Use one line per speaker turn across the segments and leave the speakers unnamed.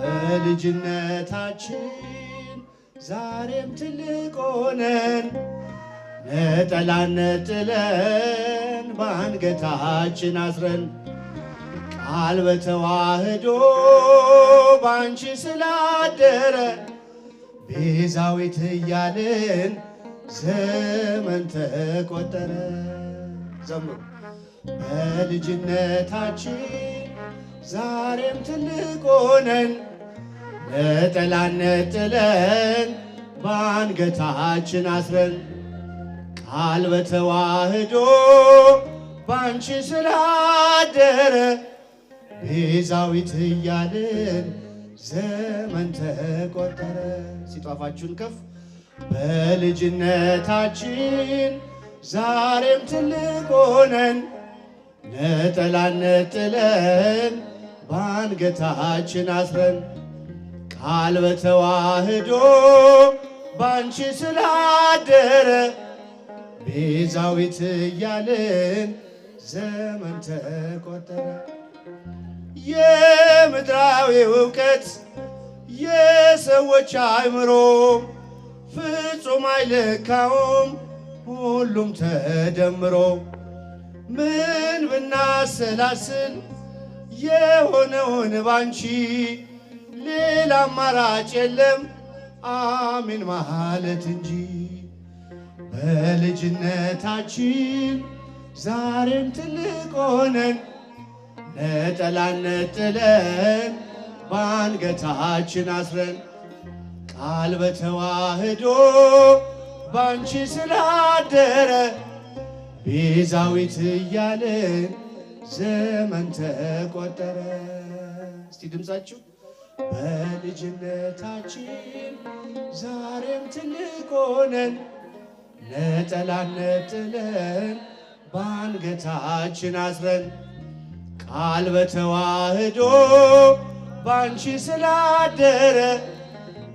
በልጅነታችን ዛሬም ትልቅ ሆነን ነጠላ ነጥለን በአንገታችን አስረን ቃል በተዋህዶ ባንቺ ስላደረ ቤዛዊት እያልን ዘመን ተቆጠረ። ዘምሩ በልጅነታችን ዛሬም ትልቅ ሆነን ነጠላነት ጥለን በአንገታችን አስረን ቃል በተዋህዶ ባንቺ ስላደረ ቤዛዊት እያልን ዘመን ተቆጠረ። ሲጧፋችሁን ከፍ በልጅነታችን ዛሬም ትልቅ ሆነን ነጠላነት ጥለን በአንገታችን አስረን ቃል በተዋህዶ ባንቺ ስላደረ ቤዛዊት እያልን ዘመን ተቆጠረ። የምድራዊ እውቀት የሰዎች አእምሮ ፍጹም አይለካውም ሁሉም ተደምሮ ምን ብናሰላስል የሆነውን ባንቺ ሌላ አማራጭ የለም አሜን ማለት እንጂ በልጅነታችን ዛሬም ትልቅ ሆነን ነጠላ ነጥለን ባንገታችን አስረን ቃል በተዋህዶ ባንቺ ስላደረ ቤዛዊት እያለን ዘመን ተቆጠረ። እስቲ ድምፃችሁ በልጅነታችን ዛሬም ትልቅ ሆነን ነጠላ ነጥለን በአንገታችን አስረን ቃል በተዋህዶ ባንቺ ስላደረ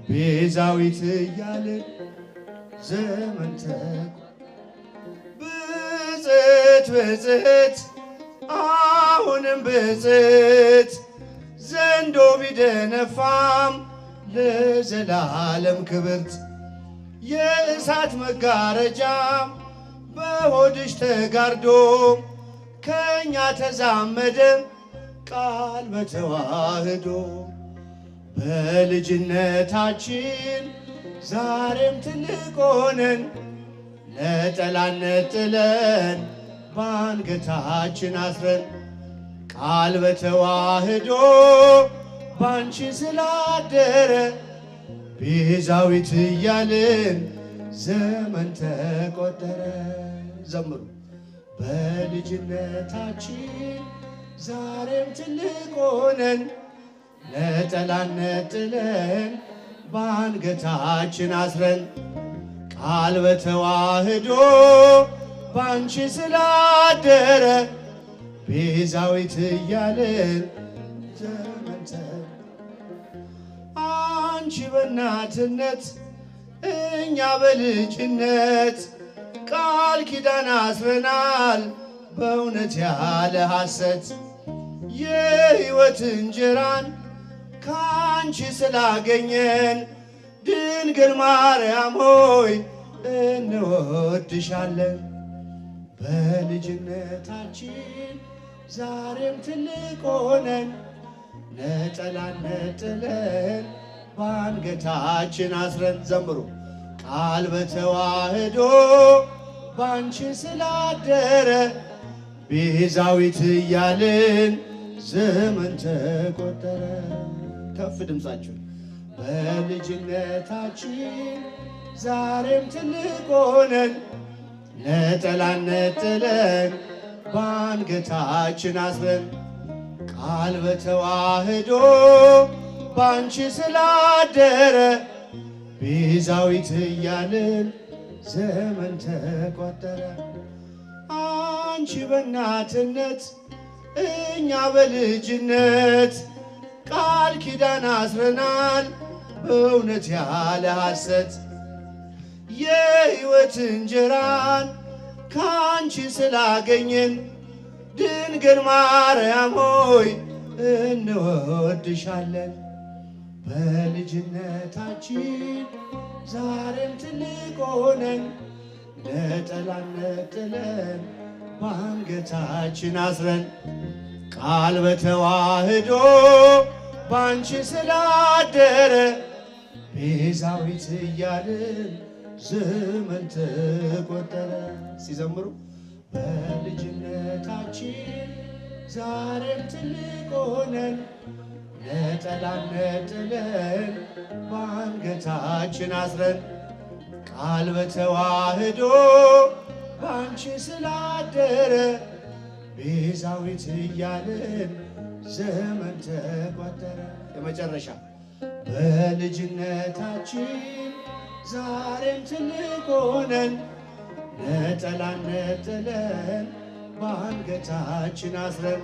ቤዛዊት እያልን ዘመን ተቆ ብፅዕት ብፅዕት አሁንም ብፅት ዘንዶ ቢደነፋም ለዘላለም ክብርት የእሳት መጋረጃ በሆድሽ ተጋርዶ ከእኛ ተዛመደ ቃል በተዋህዶ በልጅነታችን ዛሬም ትልቅ ሆነን ለጠላነት ጥለን ባንገታችን አስረን ቃል በተዋህዶ ባንቺ ስላደረ ቤዛዊት እያልን ዘመን ተቆጠረ። ዘምሩ በልጅነታችን ዛሬም ትልቅ ሆነን ነጠላነት ጥለን ባንገታችን አስረን ቃል በተዋህዶ ባንቺ ስላደረ ቤዛዊት እያልን ዘመንተን አንቺ በእናትነት እኛ በልጅነት ቃል ኪዳን አስረናል በእውነት ያለ ሐሰት የሕይወት እንጀራን ከአንቺ ስላገኘን ድንግል ማርያም ሆይ እንወድሻለን። በልጅነታችን ዛሬም ትልቅ ሆነን ነጠላን ነጥለን በአንገታችን አስረን ዘምሩ ቃል በተዋህዶ ባንቺ ስላደረ ቤዛዊት እያልን ዘመን ተቆጠረ። ከፍ ድምፃችሁን በልጅነታችን ዛሬም ትልቅ ሆነን ነጠላነት ጥለን ባንገታችን አስረን ቃል በተዋህዶ ባንቺ ስላደረ ቤዛዊት እያልን ዘመን ተቋጠረ። አንቺ በእናትነት እኛ በልጅነት ቃል ኪዳን አስረናል በእውነት ያለ ሐሰት የሕይወት እንጀራን ከአንቺ ስላገኘን ድንግል ማርያም ሆይ እንወድሻለን። በልጅነታችን ዛሬም ትልቅ ሆነን ነጠላን ነጥለን ባንገታችን አስረን ቃል በተዋህዶ ባንቺ ስላደረ ቤዛዊት እያልን ዘመን ተቆጠረ ሲዘምሩ በልጅነታችን ዛሬም ትልቅ ሆነን ነጠላን ነጥለን በአንገታችን አስረን ቃል በተዋህዶ ባንቺ ስላደረ ቤዛዊት እያልን ዘመን ተቆጠረ። የመጨረሻ በልጅነታችን ዛሬም ትልቅ ሆነን ነጠላን ነጥለን በአንገታችን አስረን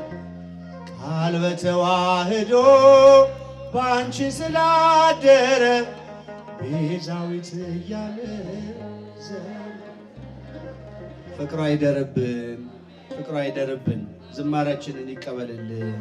ቃል በተዋህዶ በአንቺ ስላደረ ቤዛዊት እያለ ፍቅሯ አይደርብን፣ ፍቅሯ አይደርብን። ዝማሬያችንን ይቀበልልን።